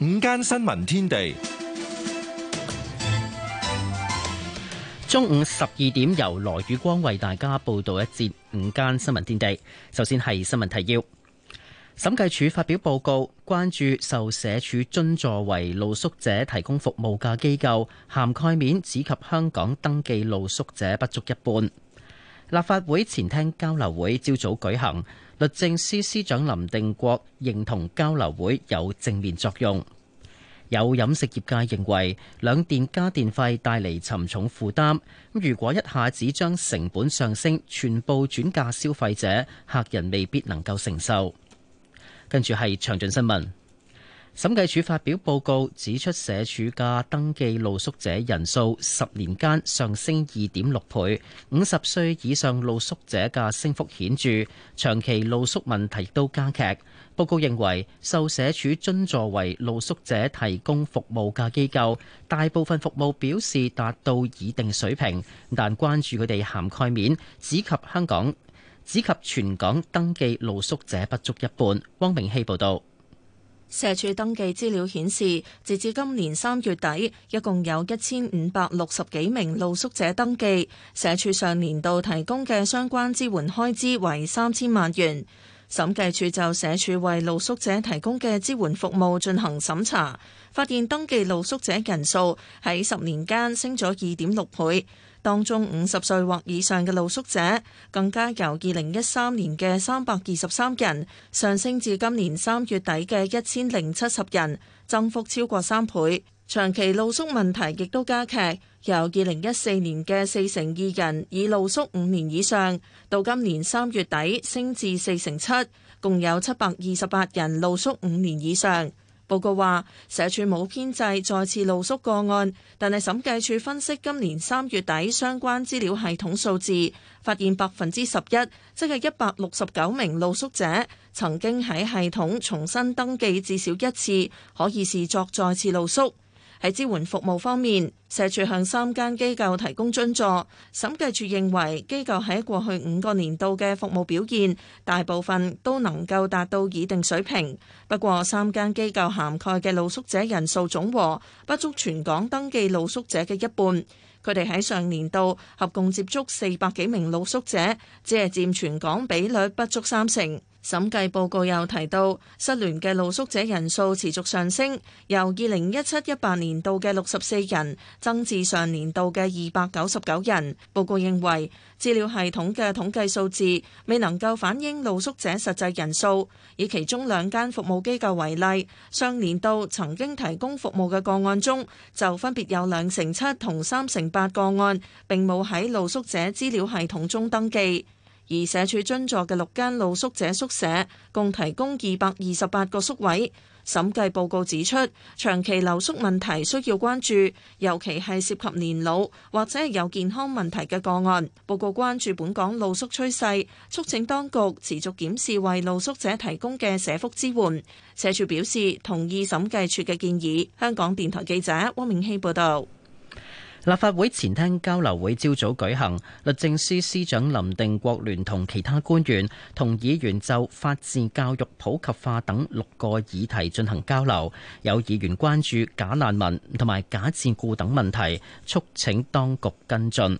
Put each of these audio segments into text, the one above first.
午間新聞天地，中午十二點由羅宇光為大家報道一節午間新聞天地。首先係新聞提要：審計署發表報告，關注受社署津助為露宿者提供服務嘅機構，涵蓋面只及香港登記露宿者不足一半。立法會前廳交流會朝早舉行。律政司司長林定國認同交流會有正面作用。有飲食業界認為，兩電加電費帶嚟沉重負擔。如果一下子將成本上升，全部轉嫁消費者，客人未必能夠承受。跟住係詳盡新聞。審計署發表報告指出，社署嘅登記露宿者人數十年間上升二點六倍，五十歲以上露宿者嘅升幅顯著，長期露宿問題亦都加劇。報告認為，受社署津助為露宿者提供服務嘅機構，大部分服務表示達到擬定水平，但關注佢哋涵蓋面，只及香港，只及全港登記露宿者不足一半。汪明希報導。社署登記資料顯示，截至今年三月底，一共有一千五百六十幾名露宿者登記。社署上年度提供嘅相關支援開支為三千萬元。審計處就社署為露宿者提供嘅支援服務進行審查，發現登記露宿者人數喺十年間升咗二點六倍。當中五十歲或以上嘅露宿者，更加由二零一三年嘅三百二十三人上升至今年三月底嘅一千零七十人，增幅超過三倍。長期露宿問題亦都加劇，由二零一四年嘅四成二人已露宿五年以上，到今年三月底升至四成七，共有七百二十八人露宿五年以上。報告話，社署冇編製再次露宿個案，但係審計署分析今年三月底相關資料系統數字，發現百分之十一，即係一百六十九名露宿者曾經喺系統重新登記至少一次，可以視作再次露宿。喺支援服務方面，社署向三間機構提供津助。審計處認為機構喺過去五個年度嘅服務表現大部分都能夠達到一定水平，不過三間機構涵蓋嘅露宿者人數總和不足全港登記露宿者嘅一半。佢哋喺上年度合共接觸四百幾名露宿者，只係佔全港比率不足三成。審計報告又提到，失聯嘅露宿者人數持續上升，由二零一七一八年度嘅六十四人增至上年度嘅二百九十九人。報告認為，資料系統嘅統計數字未能夠反映露宿者實際人數，以其中兩間服務機構為例，上年度曾經提供服務嘅個案中，就分別有兩成七同三成八個案並冇喺露宿者資料系統中登記。而社署津助嘅六間露宿者宿舍，共提供二百二十八個宿位。審計報告指出，長期留宿問題需要關注，尤其係涉及年老或者有健康問題嘅個案。報告關注本港露宿趨勢，促請當局持續檢視為露宿者提供嘅社福支援。社署表示同意審計處嘅建議。香港電台記者汪明希報導。立法會前廳交流會朝早舉行，律政司司長林定國聯同其他官員同議員就法治教育普及化等六個議題進行交流。有議員關注假難民同埋假自僱等問題，促請當局跟進，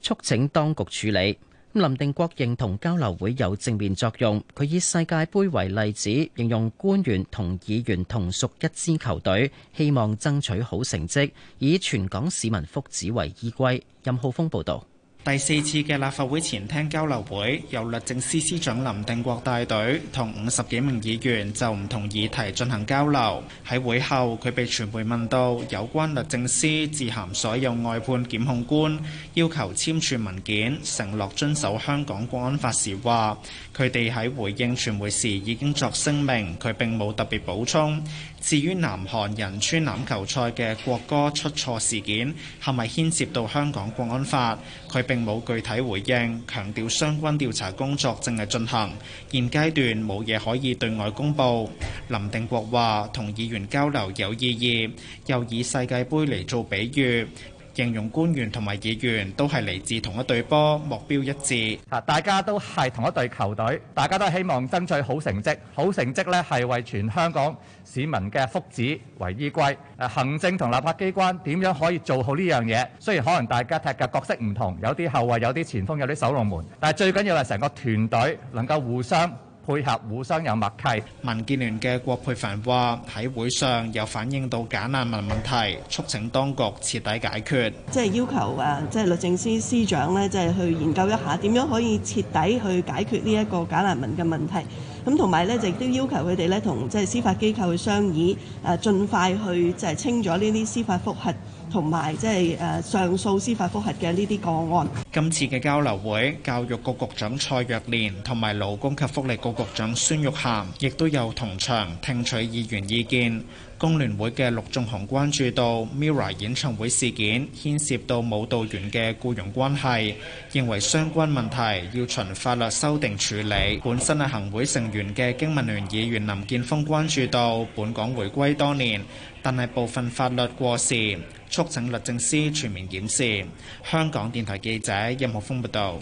促請當局處理。林定國認同交流會有正面作用，佢以世界盃為例子，形容官員同議員同屬一支球隊，希望爭取好成績，以全港市民福祉為依歸。任浩峰報道。第四次嘅立法會前廳交流會，由律政司司長林定國帶隊，同五十幾名議員就唔同議題進行交流。喺會後，佢被傳媒問到有關律政司致函所有外判檢控官，要求簽署文件承諾遵守香港國安法時，話佢哋喺回應傳媒時已經作聲明，佢並冇特別補充。至於南韓仁川欖球賽嘅國歌出錯事件係咪牽涉到香港國安法，佢並冇具體回應，強調相關調查工作正係進行，現階段冇嘢可以對外公佈。林定國話，同議員交流有意義，又以世界盃嚟做比喻。形容官員同埋議員都係嚟自同一隊波，目標一致。嚇、啊，大家都係同一隊球隊，大家都希望爭取好成績。好成績咧係為全香港市民嘅福祉為依歸。誒、啊，行政同立法機關點樣可以做好呢樣嘢？雖然可能大家踢嘅角色唔同，有啲後衞，有啲前鋒，有啲守龍門，但係最緊要係成個團隊能夠互相，配合，互相有默契。民建聯嘅郭佩凡話：喺會上又反映到假難民問題，促請當局徹底解決。即係要求誒，即係律政司司長咧，即係去研究一下點樣可以徹底去解決呢一個假難民嘅問題。咁同埋咧，就亦都要求佢哋咧，同即係司法機構去商議誒，盡快去即係清咗呢啲司法覆核。同埋即係誒上訴司法覆核嘅呢啲個案。今次嘅交流會，教育局局長蔡若蓮同埋勞工及福利局局長孫玉菡亦都有同場聽取議員意見。工聯會嘅陸仲雄關注到 MIRROR 演唱會事件牽涉到舞蹈員嘅僱傭關係，認為相關問題要循法律修訂處理。本身係行會成員嘅經民聯議員林建峰關注到，本港回歸多年，但係部分法律過時，促請律政司全面檢視。香港電台記者任浩峰報道。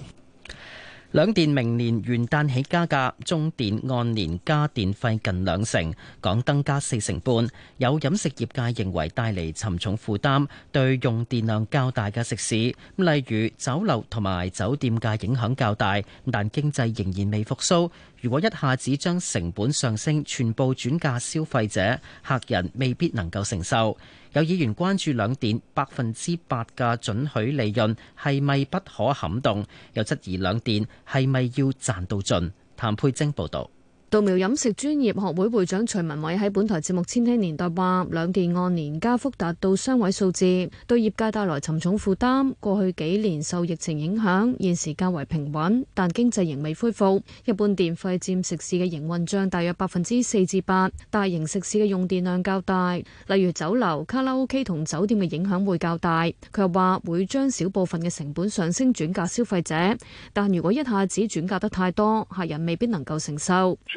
兩電明年元旦起加價，中電按年加電費近兩成，港燈加四成半。有飲食業界認為帶嚟沉重負擔，對用電量較大嘅食肆，例如酒樓同埋酒店界影響較大。但經濟仍然未復甦，如果一下子將成本上升，全部轉嫁消費者，客人未必能夠承受。有議員關注兩電百分之八嘅準許利潤係咪不可撼動，又質疑兩電係咪要賺到盡。譚佩晶報導。稻苗飲食專業學會會長徐文偉喺本台節目《千禧年代》話，兩電按年加幅達到雙位數字，對業界帶來沉重負擔。過去幾年受疫情影響，現時較為平穩，但經濟仍未恢復。一般電費佔食肆嘅營運帳大約百分之四至八，大型食肆嘅用電量較大，例如酒樓、卡拉 OK 同酒店嘅影響會較大。佢又話會將少部分嘅成本上升轉嫁消費者，但如果一下子轉嫁得太多，客人未必能夠承受。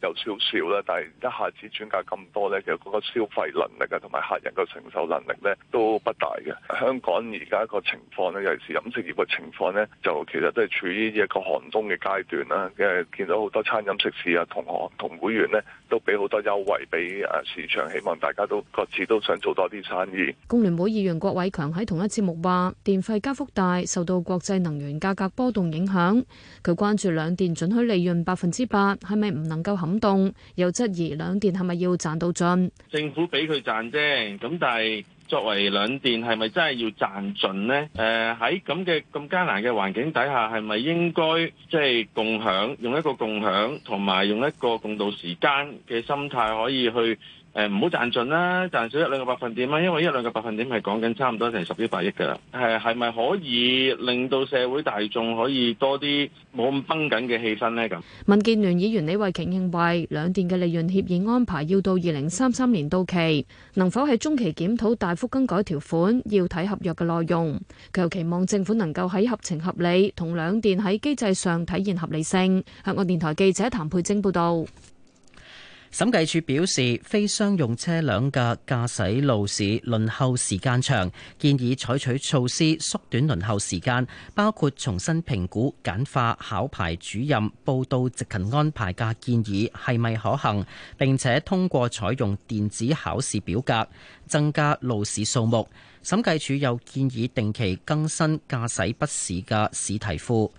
有少少啦，但係一下子轉嫁咁多咧，其實嗰個消費能力啊，同埋客人嘅承受能力咧，都不大嘅。香港而家個情況咧，尤其是飲食業嘅情況咧，就其實都係處於一個寒冬嘅階段啦。因為見到好多餐飲食肆啊，同行同會員咧，都俾好多優惠俾誒市場，希望大家都各自都想做多啲生意。工聯會議員郭偉強喺同一節目話電費加幅大，受到國際能源價格波動影響，佢關注兩電准許利潤百分之八，係咪唔能夠行。感動又質疑，兩電係咪要賺到盡？政府俾佢賺啫，咁但係作為兩電，係咪真係要賺盡呢？誒，喺咁嘅咁艱難嘅環境底下，係咪應該即係共享，用一個共享同埋用一個共度時間嘅心態，可以去？誒唔好賺盡啦，賺少一兩個百分點啦，因為一兩個百分點係講緊差唔多成十幾百億噶喇。係係咪可以令到社會大眾可以多啲冇咁崩緊嘅氣氛呢？咁民建聯議員李慧瓊認為，兩電嘅利潤協議安排要到二零三三年到期，能否喺中期檢討大幅更改條款，要睇合約嘅內容。佢又期望政府能夠喺合情合理同兩電喺機制上體現合理性。香港電台記者譚佩晶報導。審計署表示，非商用車輛嘅駕駛路試輪候時間長，建議採取措施縮短輪候時間，包括重新評估簡化考牌主任報到值勤安排嘅建議係咪可行，並且通過採用電子考試表格增加路試數目。審計署又建議定期更新駕駛筆試嘅試題庫。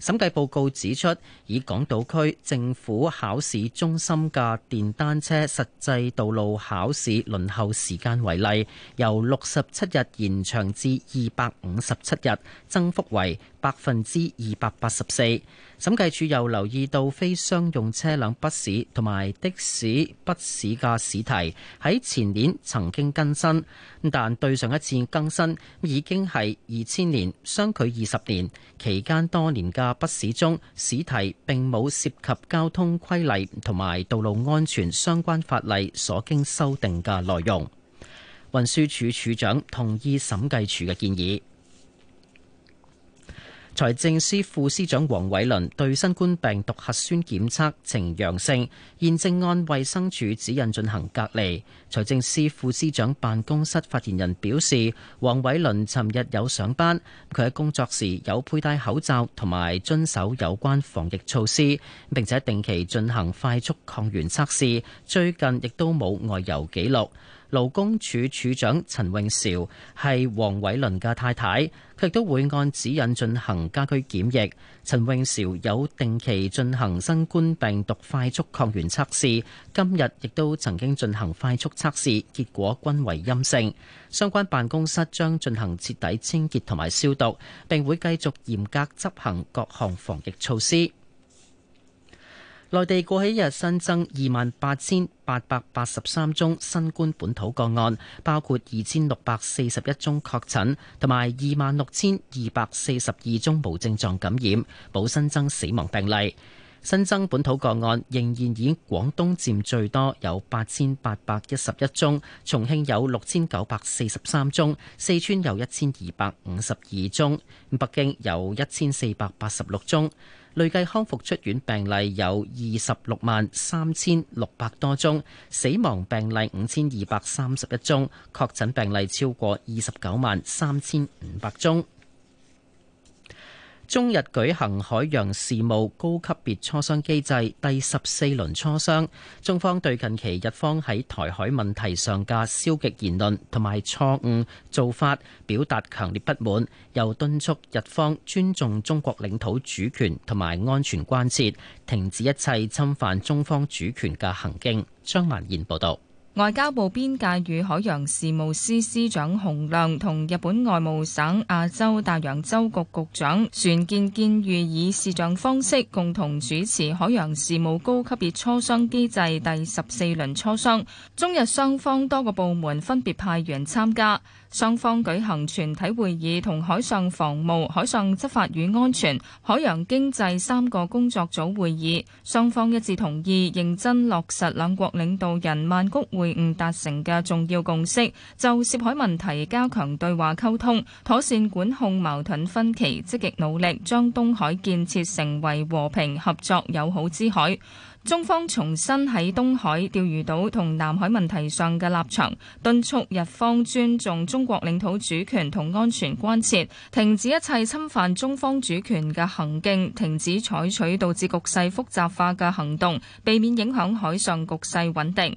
審計報告指出，以港島區政府考試中心嘅電單車實際道路考試輪候時間為例，由六十七日延長至二百五十七日，增幅為百分之二百八十四。審計處又留意到非商用車輛筆試同埋的士筆試嘅試題，喺前年曾經更新，但對上一次更新已經係二千年，相距二十年，期間多年嘅。筆試中，試題並冇涉及交通規例同埋道路安全相關法例所經修訂嘅內容。運輸署署長同意審計署嘅建議。財政司副司長黃偉綸對新冠病毒核酸檢測呈陽性，現正按衛生署指引進行隔離。財政司副司長辦公室發言人表示，黃偉綸尋日有上班，佢喺工作時有佩戴口罩，同埋遵守有關防疫措施，並且定期進行快速抗原測試。最近亦都冇外遊記錄。勞工處處長陳永潮係黃偉倫嘅太太，佢亦都會按指引進行家居檢疫。陳永潮有定期進行新冠病毒快速抗原測試，今日亦都曾經進行快速測試，結果均為陰性。相關辦公室將進行徹底清潔同埋消毒，並會繼續嚴格執行各項防疫措施。內地過去一日新增二萬八千八百八十三宗新冠本土個案，包括二千六百四十一宗確診，同埋二萬六千二百四十二宗無症狀感染，冇新增死亡病例。新增本土個案仍然以廣東佔最多，有八千八百一十一宗；重慶有六千九百四十三宗；四川有一千二百五十二宗；北京有一千四百八十六宗。累計康復出院病例有二十六萬三千六百多宗，死亡病例五千二百三十一宗，確診病例超過二十九萬三千五百宗。中日舉行海洋事務高級別磋商機制第十四輪磋商，中方對近期日方喺台海問題上嘅消極言論同埋錯誤做法表達強烈不滿，又敦促日方尊重中國領土主權同埋安全關切，停止一切侵犯中方主權嘅行徑。張曼燕報道。外交部邊界與海洋事務司司長洪亮同日本外務省亞洲大洋洲局局長船越健裕以視像方式共同主持海洋事務高級別磋商機制第十四輪磋商，中日雙方多個部門分別派員參加，雙方舉行全體會議同海上防務、海上執法與安全、海洋經濟三個工作組會議，雙方一致同意認真落實兩國領導人曼谷會誤達成嘅重要共識，就涉海問題加強對話溝通，妥善管控矛盾分歧，積極努力將東海建設成為和平、合作、友好之海。中方重申喺東海釣魚島同南海問題上嘅立場，敦促日方尊重中國領土主權同安全關切，停止一切侵犯中方主權嘅行徑，停止採取導致局勢複雜化嘅行動，避免影響海上局勢穩定。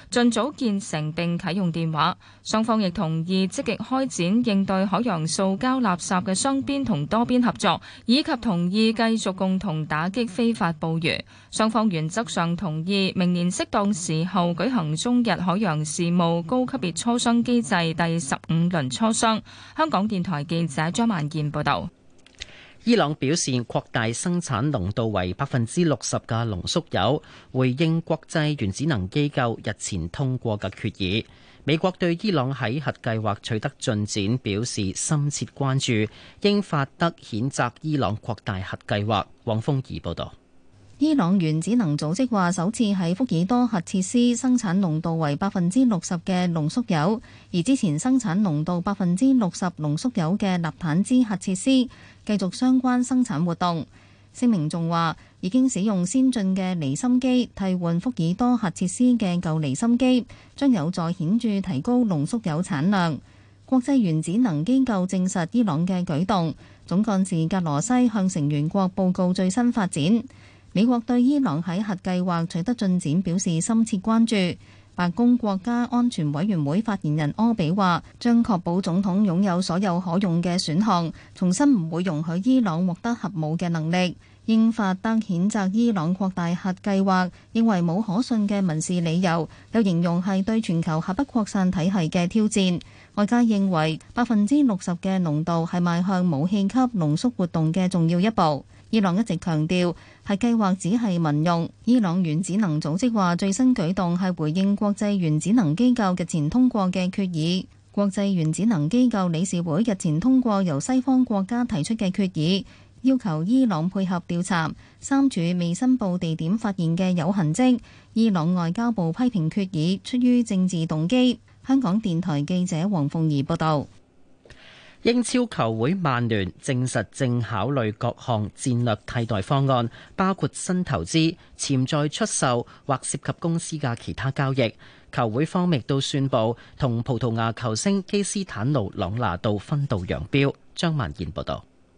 盡早建成並啟用電話，雙方亦同意積極開展應對海洋塑膠垃圾嘅雙邊同多邊合作，以及同意繼續共同打擊非法捕魚。雙方原則上同意明年適當時候舉行中日海洋事務高級別磋商機制第十五輪磋商。香港電台記者張萬健報道。伊朗表示擴大生產濃度為百分之六十嘅濃縮鈾，回應國際原子能機構日前通過嘅決議。美國對伊朗喺核計劃取得進展表示深切關注，英法德譴責伊朗擴大核計劃。王峰儀報道。伊朗原子能組織話，首次喺福爾多核設施生產濃度為百分之六十嘅濃縮鈾，而之前生產濃度百分之六十濃縮鈾嘅納坦茲核設施繼續相關生產活動。聲明仲話，已經使用先進嘅離心機替換福爾多核設施嘅舊離心機，將有助顯著提高濃縮鈾產量。國際原子能機構證實伊朗嘅舉動，總幹事格羅西向成員國報告最新發展。美國對伊朗喺核計劃取得進展表示深切關注。白宮國家安全委員會發言人柯比話，將確保總統擁有所有可用嘅選項，重新唔會容許伊朗獲得核武嘅能力。英法德譴責伊朗擴大核計劃，認為冇可信嘅民事理由，又形容係對全球核不擴散體系嘅挑戰。外界認為百分之六十嘅濃度係邁向武器級濃縮活動嘅重要一步。伊朗一直強調，係計劃只係民用。伊朗原子能組織話，最新舉動係回應國際原子能機構日前通過嘅決議。國際原子能機構理事會日前通過由西方國家提出嘅決議，要求伊朗配合調查三處未申報地點發現嘅有痕跡。伊朗外交部批評決議出於政治動機。香港電台記者黃鳳儀報道。英超球會曼聯證實正考慮各項戰略替代方案，包括新投資、潛在出售或涉及公司嘅其他交易。球會方面都宣佈同葡萄牙球星基斯坦奴·朗拿度分道揚鑣。張萬健報道。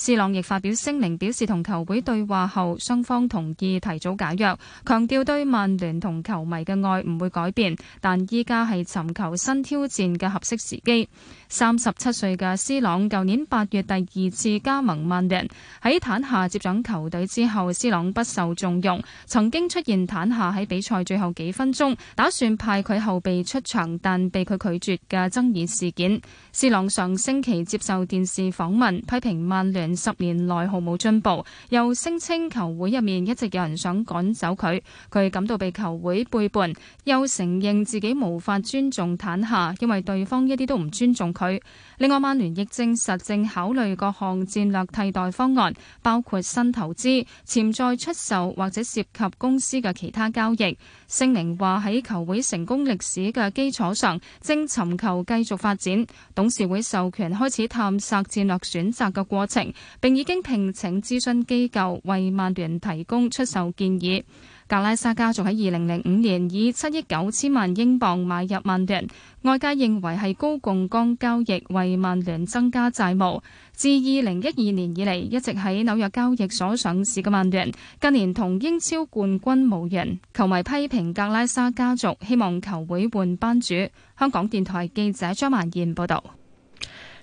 C 朗亦發表聲明，表示同球會對話後，雙方同意提早解約，強調對曼聯同球迷嘅愛唔會改變，但依家係尋求新挑戰嘅合適時機。三十七歲嘅 C 朗，舊年八月第二次加盟曼聯，喺坦夏接掌球隊之後，C 朗不受重用，曾經出現坦夏喺比賽最後幾分鐘打算派佢後備出場，但被佢拒絕嘅爭議事件。C 朗上星期接受電視訪問，批評曼聯。十年內毫無進步，又聲稱球會入面一直有人想趕走佢，佢感到被球會背叛，又承認自己無法尊重坦下，因為對方一啲都唔尊重佢。另外，曼聯亦證實正考慮各項戰略替代方案，包括新投資、潛在出售或者涉及公司嘅其他交易。聲明話喺球會成功歷史嘅基礎上，正尋求繼續發展。董事會授權開始探索戰略選擇嘅過程。並已經聘請諮詢機構為曼聯提供出售建議。格拉沙家族喺二零零五年以七億九千萬英鎊買入曼聯，外界認為係高槓桿交易，為曼聯增加債務。自二零一二年以嚟一直喺紐約交易所上市嘅曼聯，近年同英超冠軍無緣，球迷批評格拉沙家族，希望球會換班主。香港電台記者張曼燕報導。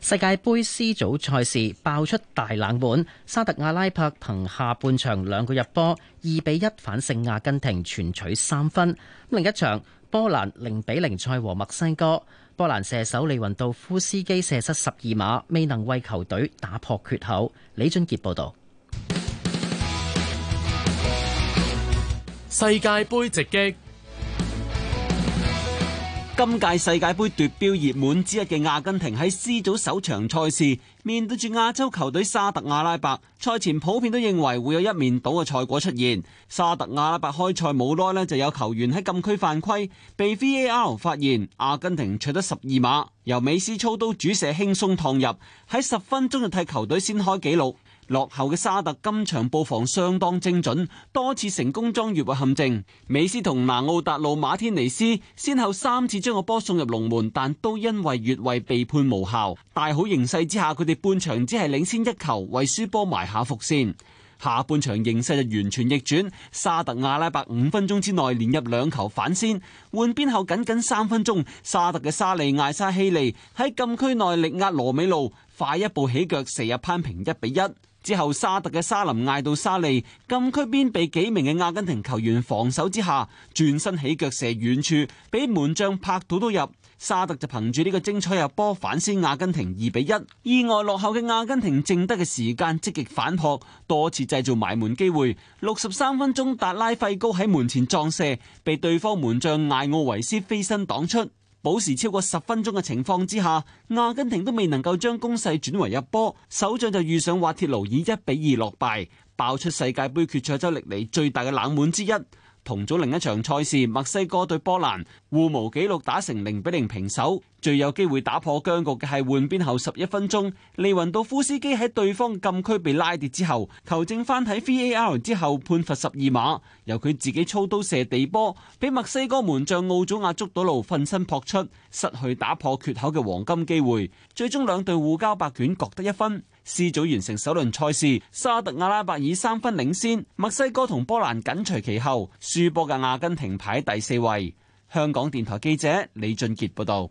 世界杯 C 組賽事爆出大冷門，沙特阿拉伯憑下半場兩個入波，二比一反勝阿根廷，全取三分。另一場波蘭零比零賽和墨西哥，波蘭射手利雲道夫斯基射失十二碼，未能為球隊打破缺口。李俊傑報道。世界杯直擊。今屆世界盃奪標熱門之一嘅阿根廷喺 C 組首場賽事面對住亞洲球隊沙特阿拉伯，賽前普遍都認為會有一面倒嘅賽果出現。沙特阿拉伯開賽冇耐呢就有球員喺禁區犯規，被 VAR 發現，阿根廷取得十二碼，由美斯操刀主射輕鬆趟入，喺十分鐘就替球隊先開紀錄。落後嘅沙特今場布防相當精準，多次成功裝越位陷阱。美斯同南奧達路馬天尼斯先後三次將個波送入龍門，但都因為越位被判無效。大好形勢之下，佢哋半場只係領先一球，為輸波埋下伏線。下半場形勢就完全逆轉，沙特阿拉伯五分鐘之內連入兩球反先。換邊後僅僅三分鐘，沙特嘅沙利艾沙希利喺禁區內力壓羅美路，快一步起腳射入攀平一比一。之後，沙特嘅沙林嗌到沙利禁區邊，被幾名嘅阿根廷球員防守之下轉身起腳射遠處，俾門將拍到都入。沙特就憑住呢個精彩入波反先阿根廷二比一。意外落後嘅阿根廷剩得嘅時間積極反撲，多次製造埋門機會。六十三分鐘，達拉費高喺門前撞射，被對方門將艾奧維斯飛身擋出。補時超過十分鐘嘅情況之下，阿根廷都未能夠將攻勢轉為入波，首仗就遇上滑鐵盧以一比二落敗，爆出世界盃決賽周歷嚟最大嘅冷門之一。同組另一場賽事，墨西哥對波蘭互無紀錄打成零比零平手。最有機會打破僵局嘅係換邊後十一分鐘，利雲道夫斯基喺對方禁區被拉跌之後，球證翻睇 V A R 之後判罰十二碼，由佢自己操刀射地波，俾墨西哥門將奧祖亞捉到路，奮身撲出，失去打破缺口嘅黃金機會。最終兩隊互交白卷，各得一分。C 組完成首輪賽事，沙特阿拉伯以三分領先，墨西哥同波蘭緊隨其後，輸波嘅阿根廷排第四位。香港電台記者李俊傑報道。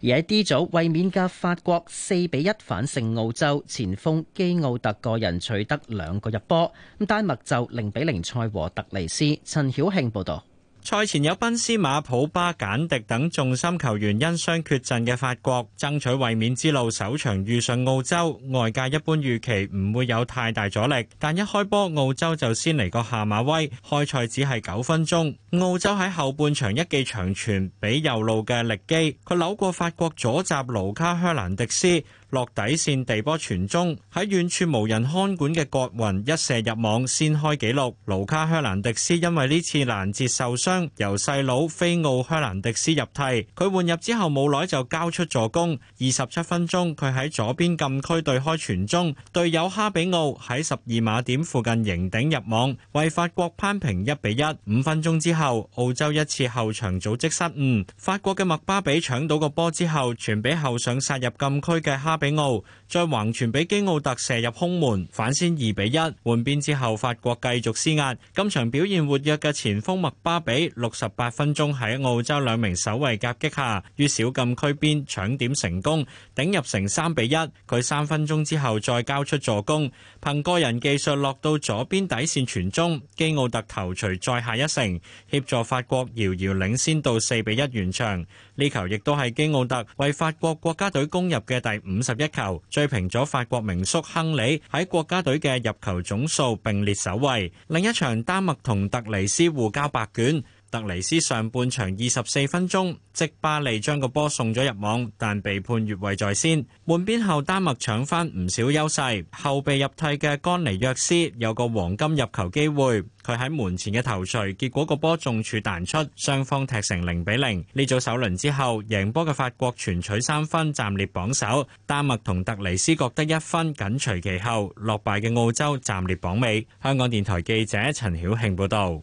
而喺 D 組，衛冕嘅法國四比一反勝澳洲，前鋒基奧特個人取得兩個入波。丹麥就零比零賽和突尼斯。陳曉慶報道。賽前有賓斯馬普巴簡迪等重心球員因傷缺陣嘅法國，爭取衛冕之路首場遇上澳洲，外界一般預期唔會有太大阻力，但一開波澳洲就先嚟個下馬威。開賽只係九分鐘，澳洲喺後半場一記長傳俾右路嘅力基，佢扭過法國左閘盧卡香蘭迪斯，落底線地波傳中，喺遠處無人看管嘅國雲一射入網先開紀錄。盧卡香蘭迪斯因為呢次攔截受傷，由細佬菲奧香蘭迪斯入替。佢換入之後冇耐就交出助攻。二十七分鐘，佢喺左邊禁區對開傳中，隊友哈比奧喺十二碼點附近迎頂入網，為法國攀平一比一。五分鐘之後，澳洲一次後場組織失誤，法國嘅麥巴比搶到個波之後傳俾後上殺入禁區嘅哈比奧再橫傳俾基奧特射入空門，反先二比一。換邊之後，法國繼續施壓。今場表現活躍嘅前鋒麥巴比，六十八分鐘喺澳洲兩名守衛夾擊下，於小禁區邊搶點成功，頂入成三比一。佢三分鐘之後再交出助攻，憑個人技術落到左邊底線傳中，基奧特頭錘再下一城，協助法國遙遙領先到四比一完場。呢球亦都係基奧特為法國國家隊攻入嘅第五十一球，追平咗法國名宿亨利喺國家隊嘅入球總數，並列首位。另一場丹麥同特尼斯互交白卷。特尼斯上半場二十四分鐘，即巴利將個波送咗入網，但被判越位在先。換邊後，丹麥搶翻唔少優勢。後備入替嘅干尼約斯有個黃金入球機會，佢喺門前嘅頭槌，結果個波中柱彈出，雙方踢成零比零。呢組首輪之後，贏波嘅法國全取三分，暫列榜首。丹麥同特尼斯各得一分，緊隨其後。落敗嘅澳洲暫列榜尾。香港電台記者陳曉慶報導。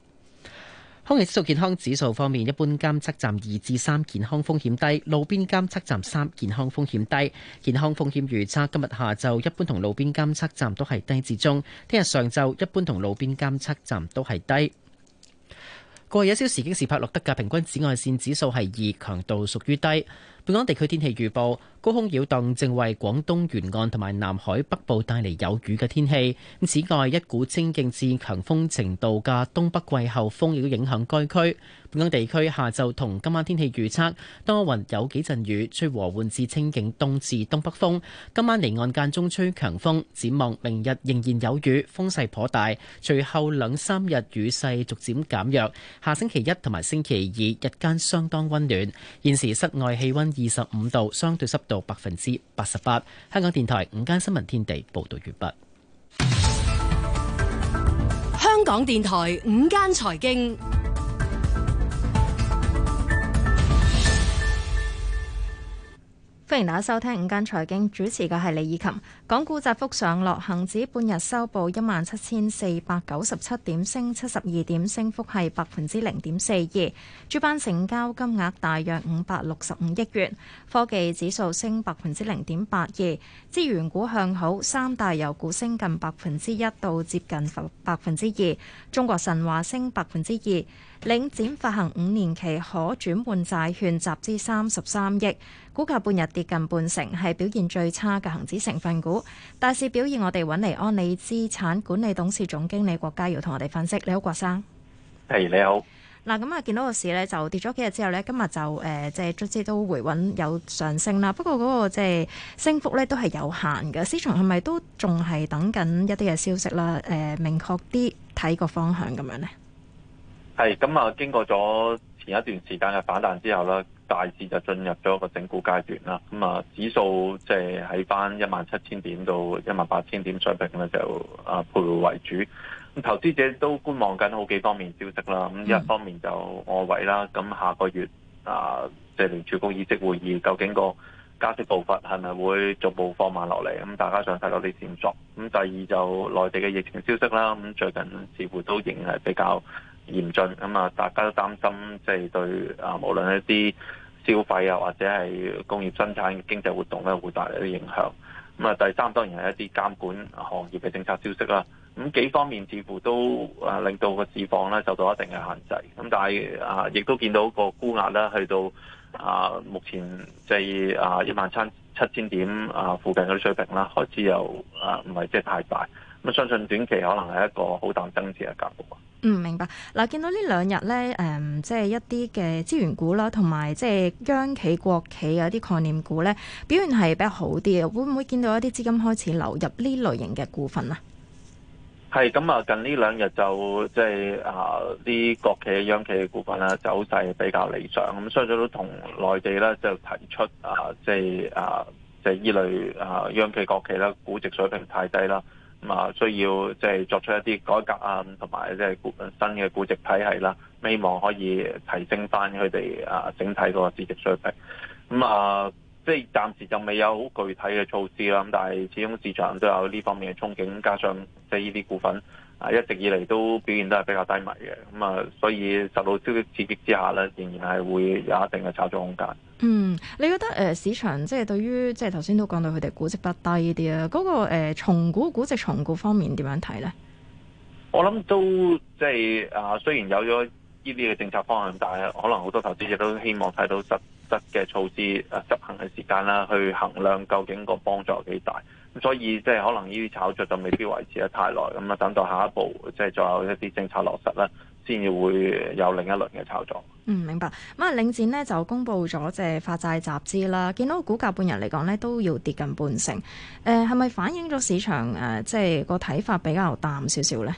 空氣指數健康指數方面，一般監測站二至三，健康風險低；路邊監測站三，健康風險低。健康風險預測今日下晝一般同路邊監測站都係低至中，聽日上晝一般同路邊監測站都係低。 過去一小時京士柏錄得嘅平均紫外線指數係二，強度屬於低。本港地區天氣預報，高空擾動正為廣東沿岸同埋南海北部帶嚟有雨嘅天氣。此外，一股清勁至強風程度嘅東北季候風亦都影響該區。本港地區下晝同今晚天氣預測多雲有幾陣雨，吹和緩至清勁東至東北風，今晚離岸間中吹強風，展望明日仍然有雨，風勢頗大。隨後兩三日雨勢逐漸減弱。下星期一同埋星期二日間相當溫暖。現時室外氣溫。二十五度，相對濕度百分之八十八。香港電台午間新聞天地報道完畢。香港電台午間財經。歡迎大家收聽午間財經，主持嘅係李以琴。港股窄幅上落，恒指半日收報一萬七千四百九十七點升，點升七十二點，升幅係百分之零點四二。主板成交金額大約五百六十五億元。科技指數升百分之零點八二，資源股向好，三大油股升近百分之一到接近百百分之二，中國神華升百分之二。領展發行五年期可轉換債券集資三十三億，股價半日跌近半成，係表現最差嘅恒指成分股。大市表現，我哋搵嚟安理資產管理董事總經理郭家耀同我哋分析。國 hey, 你好，郭生、啊。係你好。嗱，咁啊，見到個市呢就跌咗幾日之後呢，今日就誒、呃、即係卒之都回穩有上升啦。不過嗰、那個即係升幅呢都係有限嘅。市場係咪都仲係等緊一啲嘅消息啦？誒、呃，明確啲睇個方向咁樣呢。係咁啊！經過咗前一段時間嘅反彈之後啦，大市就進入咗一個整固階段啦。咁、嗯、啊，指數即係喺返一萬七千點到一萬八千點水平咧，就啊徘徊為主。咁投資者都觀望緊好幾方面消息啦。咁、嗯嗯、一方面就外圍啦，咁、嗯、下個月啊，即、就、係、是、聯儲局議息會議，究竟個加息步伐係咪會逐步放慢落嚟？咁、嗯、大家想睇落啲動作。咁、嗯、第二就內地嘅疫情消息啦。咁、嗯、最近似乎都仍然係比較。嚴峻。咁啊、嗯！大家都擔心，即、就、係、是、對啊，無論一啲消費啊，或者係工業生產經濟活動咧，會帶來啲影響。咁、嗯、啊，第三當然係一啲監管行業嘅政策消息啦。咁、嗯、幾方面似乎都啊，令到個市況咧受到一定嘅限制。咁、嗯、但係啊，亦都見到個沽壓咧去到啊，目前即、就、係、是、啊一萬七千點啊附近嗰啲水平啦，開始又啊唔係即係太大。咁相信短期可能係一個好大增值嘅格局。嗯，明白。嗱，見到呢兩日咧，誒，即係一啲嘅資源股啦，同埋即係央企、國企嘅一啲概念股咧，表現係比較好啲啊！會唔會見到一啲資金開始流入呢類型嘅股份啊？係咁啊！近呢兩日就即係啊，啲、就是呃、國企、央企嘅股份啦，走勢比較理想。咁、嗯、相信都同內地咧就提出啊，即、就、係、是、啊，即係依類啊，央企、國企啦，估值水平太低啦。咁啊，需要即係作出一啲改革啊，同埋即係新嘅估值體係啦，希望可以提升翻佢哋啊整體個市值水平。咁、嗯、啊。呃即係暫時就未有好具體嘅措施啦，咁但係始終市場都有呢方面嘅憧憬，加上即係呢啲股份啊一直以嚟都表現都係比較低迷嘅，咁啊所以受到消息刺激之下咧，仍然係會有一定嘅炒作空間。嗯，你覺得誒、呃、市場即係對於即係頭先都講到佢哋估值不低啲啊，嗰、那個誒、呃、重估估值重估方面點樣睇咧？我諗都即係啊、呃，雖然有咗呢啲嘅政策方向，但係可能好多投資者都希望睇到實。嘅措施誒執行嘅時間啦，去衡量究竟個幫助有幾大咁，所以即係可能呢啲炒作就未必維持得太耐咁啊，等到下一步即係再有一啲政策落實啦，先至會有另一輪嘅炒作。嗯，明白咁啊。領展呢就公布咗即係發債集資啦，見到股價半日嚟講呢，都要跌近半成。誒係咪反映咗市場誒、呃、即係個睇法比較淡少少呢？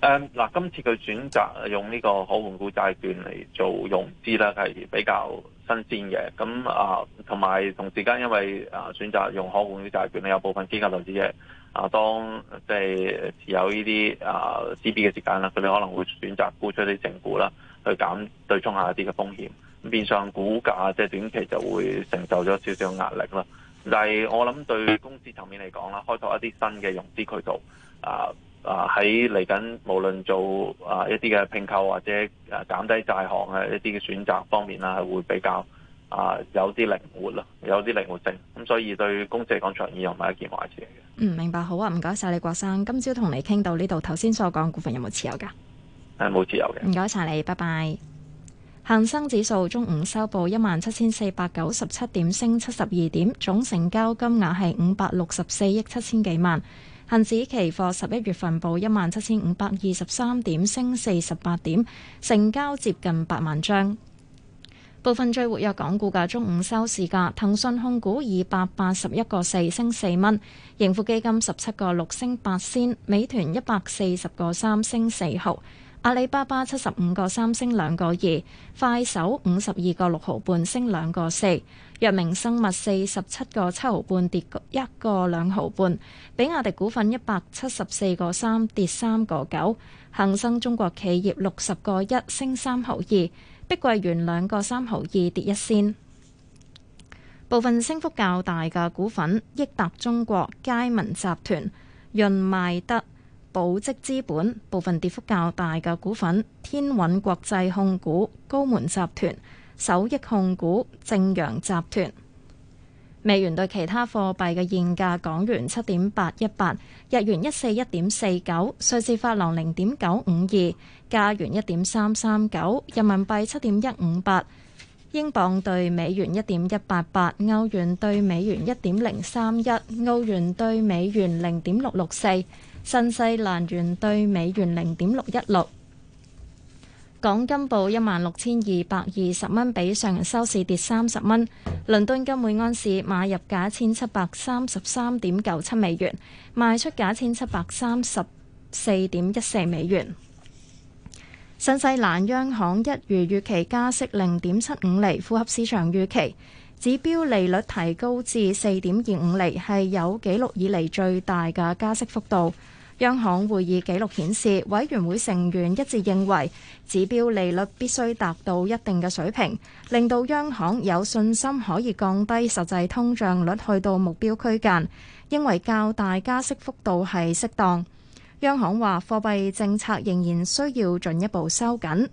誒，嗱，uh, 今次佢選擇用呢個可換股債券嚟做融資咧，係比較新鮮嘅。咁啊，同埋同時間，因為誒選擇用可換股債券咧，有部分資格投資者啊，當即係、就是、持有呢啲啊 C B 嘅時間啦，佢哋可能會選擇沽出啲正股啦，去減對沖下一啲嘅風險。咁變相股價即係短期就會承受咗少少壓力啦。但係我諗對公司層面嚟講啦，開拓一啲新嘅融資渠道啊。啊！喺嚟緊，無論做啊一啲嘅併購或者啊減低債項嘅一啲嘅選擇方面啦、啊，會比較啊有啲靈活咯，有啲靈活,活性咁、啊，所以對公司嚟講，長遠又唔係一件壞事嘅。嗯，明白，好啊，唔該晒李郭生。今朝同你傾到呢度，頭先所講股份有冇持有㗎？係冇、啊、持有嘅。唔該晒你，拜拜。恒生指數中午收報一萬七千四百九十七點，升七十二點，總成交金額係五百六十四億七千幾萬。恒指期貨十一月份報一萬七千五百二十三點，升四十八點，成交接近八萬張。部分最活躍港股嘅中午收市價，騰訊控股二百八十一個四，升四蚊；盈富基金十七個六，升八仙；美團一百四十個三，升四毫；阿里巴巴七十五個三，升兩個二；快手五十二個六毫半，升兩個四。藥明生物四十七個七毫半，跌一個兩毫半，比亞迪股份一百七十四個三，跌三個九，恒生中國企業六十個一，升三毫二，碧桂園兩個三毫二，跌一仙。部分升幅較大嘅股份：益達中國、佳民集團、潤邁德、寶積資本。部分跌幅較大嘅股份：天韻國際控股、高門集團。首益控股、正陽集團。美元對其他貨幣嘅現價：港元七點八一八，日元一四一點四九，瑞士法郎零點九五二，加元一點三三九，人民幣七點一五八，英鎊對美元一點一八八，歐元對美元一點零三一，歐元對美元零點六六四，新西蘭元對美元零點六一六。港金報一萬六千二百二十蚊，比上日收市跌三十蚊。倫敦金每盎司買入價一千七百三十三點九七美元，賣出價一千七百三十四點一四美元。新西蘭央行一如預期加息零點七五厘，符合市場預期，指標利率提高至四點二五厘，係有紀錄以嚟最大嘅加息幅度。央行會議紀錄顯示，委員會成員一致認為指標利率必須達到一定嘅水平，令到央行有信心可以降低實際通脹率去到目標區間，因為較大加息幅度係適當。央行話貨幣政策仍然需要進一步收緊。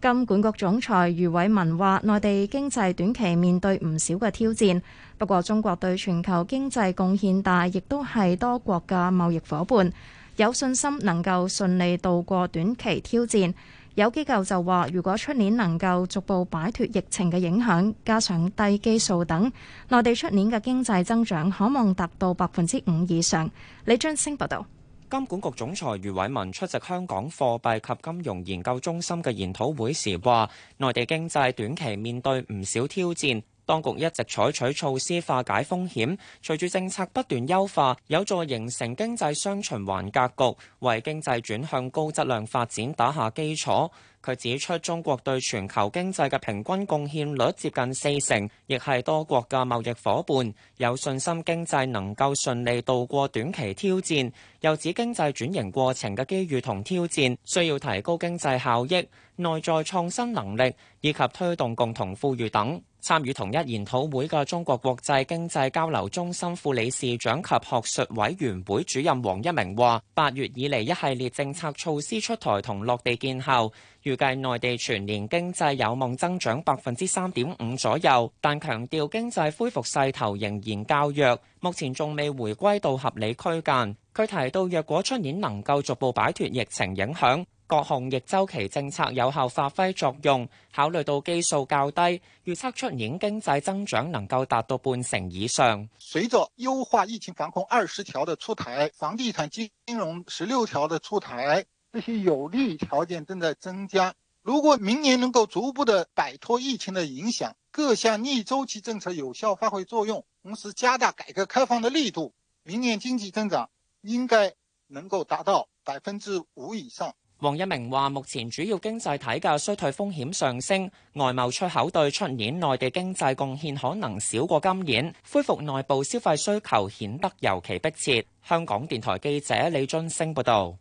金管局總裁余偉文話：內地經濟短期面對唔少嘅挑戰，不過中國對全球經濟貢獻大，亦都係多國嘅貿易伙伴，有信心能夠順利度過短期挑戰。有機構就話，如果出年能夠逐步擺脫疫情嘅影響，加上低基數等，內地出年嘅經濟增長可望達到百分之五以上。李張升報道。金管局總裁余偉文出席香港貨幣及金融研究中心嘅研討會時話，內地經濟短期面對唔少挑戰。當局一直採取措施化解風險，隨住政策不斷優化，有助形成經濟雙循環格局，為經濟轉向高質量發展打下基礎。佢指出，中國對全球經濟嘅平均貢獻率接近四成，亦係多國嘅貿易伙伴有信心，經濟能夠順利度過短期挑戰。又指經濟轉型過程嘅機遇同挑戰，需要提高經濟效益、內在創新能力以及推動共同富裕等。參與同一研討會嘅中國國際經濟交流中心副理事長及學術委員會主任王一鳴話：八月以嚟一系列政策措施出台同落地見效，預計內地全年經濟有望增長百分之三點五左右，但強調經濟恢復勢頭仍然較弱，目前仲未回歸到合理區間。佢提到，若果出年能夠逐步擺脱疫情影響，各項逆週期政策有效發揮作用，考慮到基數較低，預測出年經濟增長能夠達到半成以上。隨着「優化疫情防控」二十條的出台，房地產金融十六條的出台，這些有利條件正在增加。如果明年能夠逐步的擺脫疫情的影響，各項逆週期政策有效發揮作用，同時加大改革開放的力度，明年經濟增長，應該能夠達到百分之五以上。黃一明話，目前主要經濟體嘅衰退風險上升，外貿出口對出年內地經濟貢獻可能少過今年，恢復內部消費需求顯得尤其迫切。香港電台記者李俊升報道。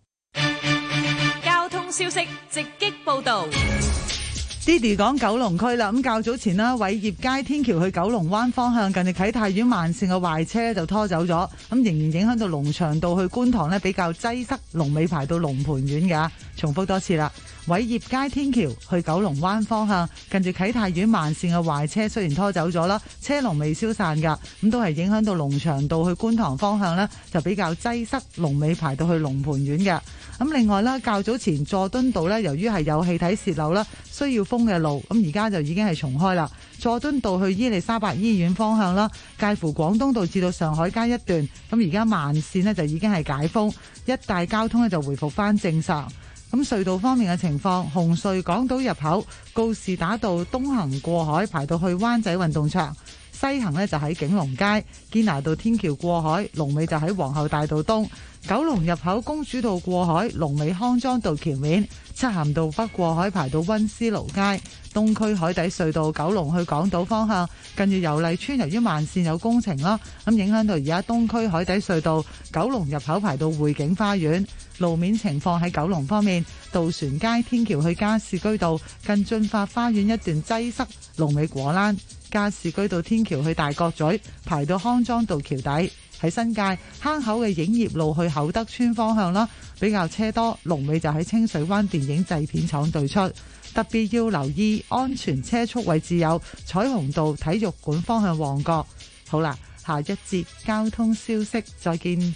交通消息直擊報道。Diddy 講九龍區啦，咁較早前啦，偉業街天橋去九龍灣方向，近日啟泰苑慢綫嘅壞車就拖走咗，咁仍然影響到龍翔道去觀塘呢，比較擠塞，龍尾排到龍蟠苑嘅，重複多次啦。偉業街天橋去九龍灣方向，近住啟泰苑慢綫嘅壞車雖然拖走咗啦，車龍未消散噶，咁都係影響到龍翔道去觀塘方向呢，就比較擠塞，龍尾排到去龍蟠苑嘅。咁另外啦，較早前佐敦道呢，由於係有氣體泄漏啦，需要封嘅路，咁而家就已經係重開啦。佐敦道去伊利沙伯醫院方向啦，介乎廣東道至到上海街一段，咁而家慢綫呢，就已經係解封，一帶交通呢，就回復返正常。咁隧道方面嘅情況，紅隧港島入口告士打道東行過海，排到去灣仔運動場；西行呢就喺景隆街堅拿道天橋過海，龍尾就喺皇后大道東。九龍入口公主道過海，龍尾康莊道橋面；漆咸道北過海排到溫思勞街。東區海底隧道九龍去港島方向，近住油麗邨由於慢線有工程啦，咁影響到而家東區海底隧道九龍入口排到匯景花園。路面情況喺九龍方面，渡船街天橋去加士居道近進發花園一段擠塞，龍尾果欄；加士居道天橋去大角咀排到康莊道橋底。喺新界坑口嘅影業路去厚德村方向啦，比較車多，龍尾就喺清水灣電影製片廠對出。特別要留意安全車速位置有彩虹道體育館方向旺角。好啦，下一節交通消息，再見。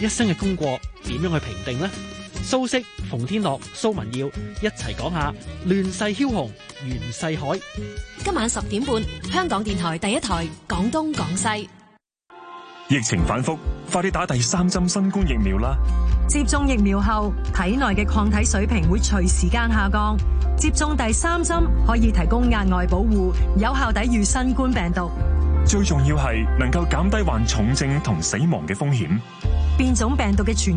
一生嘅功過點樣去評定呢？蘇軾、馮天樂、蘇文耀一齊講下亂世梟雄袁世凱。今晚十點半，香港電台第一台講東講西。疫情反復，快啲打第三針新冠疫苗啦！接種疫苗後，體內嘅抗體水平會隨時間下降。接種第三針可以提供額外保護，有效抵禦新冠病毒。最重要係能夠減低患重症同死亡嘅風險。變種病毒嘅傳。